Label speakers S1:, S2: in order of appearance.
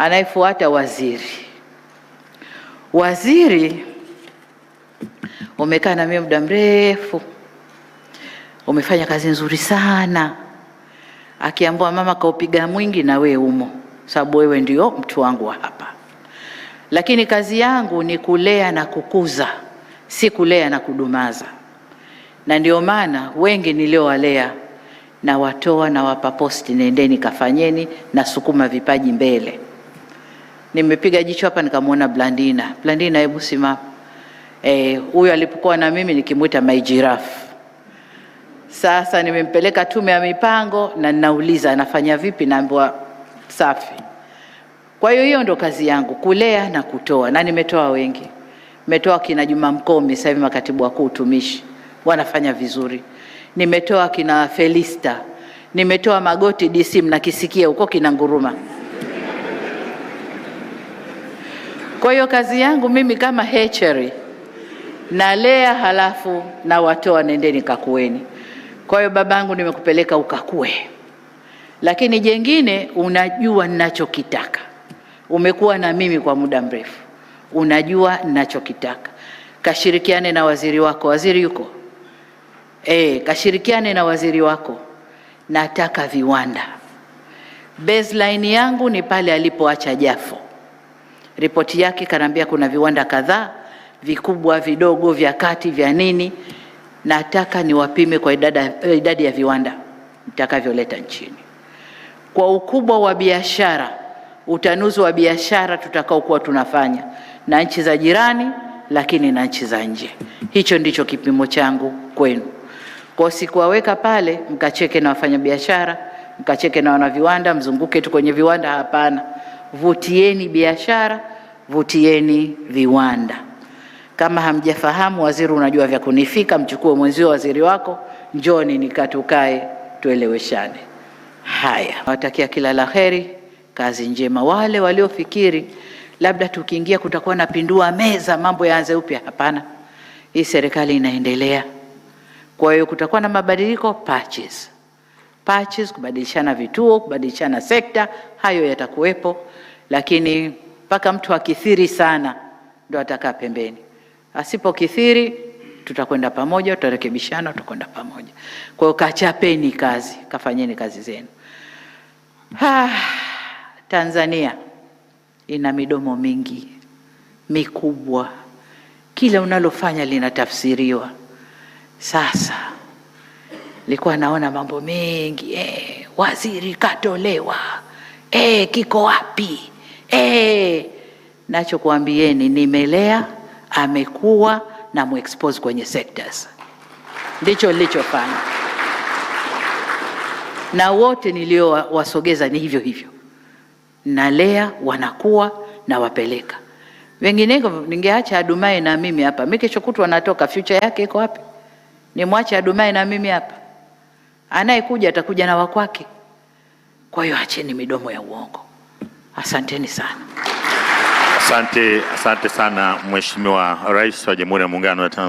S1: Anayefuata waziri. Waziri umekaa na mimi muda mrefu, umefanya kazi nzuri sana. akiambua mama, kaupiga mwingi na we umo, sababu wewe ndio mtu wangu wa hapa. Lakini kazi yangu ni kulea na kukuza, si kulea na kudumaza, na ndio maana wengi niliowalea nawatoa nawapa posti, nendeni kafanyeni, nasukuma vipaji mbele nimepiga jicho hapa nikamwona Blandina. Blandina, hebu simama. Eh, huyo alipokuwa na mimi nikimwita my giraffe. Sasa nimempeleka tume ya mipango na ninauliza anafanya vipi, naambiwa safi. Kwa hiyo hiyo ndo kazi yangu, kulea na kutoa, na nimetoa wengi, nimetoa kina Juma Mkomi, sasa hivi makatibu wakuu utumishi, wanafanya vizuri. Nimetoa kina Felista, nimetoa Magoti DC, mnakisikia huko kina nguruma Kwa hiyo kazi yangu mimi kama hatchery nalea, halafu nawatoa, nendeni kakueni. Kwa hiyo babangu, nimekupeleka ukakue, lakini jengine, unajua ninachokitaka. Umekuwa na mimi kwa muda mrefu, unajua ninachokitaka. Kashirikiane na waziri wako, waziri yuko e, kashirikiane na waziri wako. Nataka viwanda, baseline yangu ni pale alipoacha Jafo ripoti yake kanaambia kuna viwanda kadhaa vikubwa vidogo vya kati vya nini. Nataka niwapime kwa idada, eh, idadi ya viwanda nitakavyoleta nchini kwa ukubwa wa biashara, utanuzi wa biashara tutakaokuwa tunafanya na nchi za jirani, lakini na nchi za nje. Hicho ndicho kipimo changu kwenu. Kwa sikuwaweka pale mkacheke na wafanyabiashara mkacheke na wanaviwanda, mzunguke tu kwenye viwanda. Hapana vutieni biashara, vutieni viwanda. Kama hamjafahamu, waziri unajua vya kunifika, mchukue mwenzio waziri wako, njoni nikatukae tueleweshane. Haya, nawatakia kila la heri, kazi njema. Wale waliofikiri labda tukiingia kutakuwa na pindua meza, mambo yaanze upya, hapana. Hii serikali inaendelea, kwa hiyo kutakuwa na mabadiliko patches dispatches, kubadilishana vituo, kubadilishana sekta, hayo yatakuwepo, lakini mpaka mtu akithiri sana ndo atakaa pembeni. Asipokithiri tutakwenda pamoja, tutarekebishana, tutakwenda pamoja. Kwa hiyo kachapeni kazi, kafanyeni kazi zenu. Ha, Tanzania ina midomo mingi mikubwa, kila unalofanya linatafsiriwa sasa nilikuwa naona mambo mengi eh, waziri katolewa eh, kiko wapi eh. Nachokuambieni, nimelea amekuwa na muexpose kwenye sectors, ndicho nilichofanya na wote niliowasogeza ni hivyo hivyo, nalea wanakuwa nawapeleka wengineko. Ningeacha Adumai na mimi hapa, mi kesho kutwa wanatoka, future yake iko wapi? Nimwache Adumai na mimi hapa? Anayekuja atakuja na wakwake. Kwa hiyo acheni midomo ya uongo. Asanteni sana. Asante, asante sana Mheshimiwa Rais wa Jamhuri ya Muungano wa Tanzania.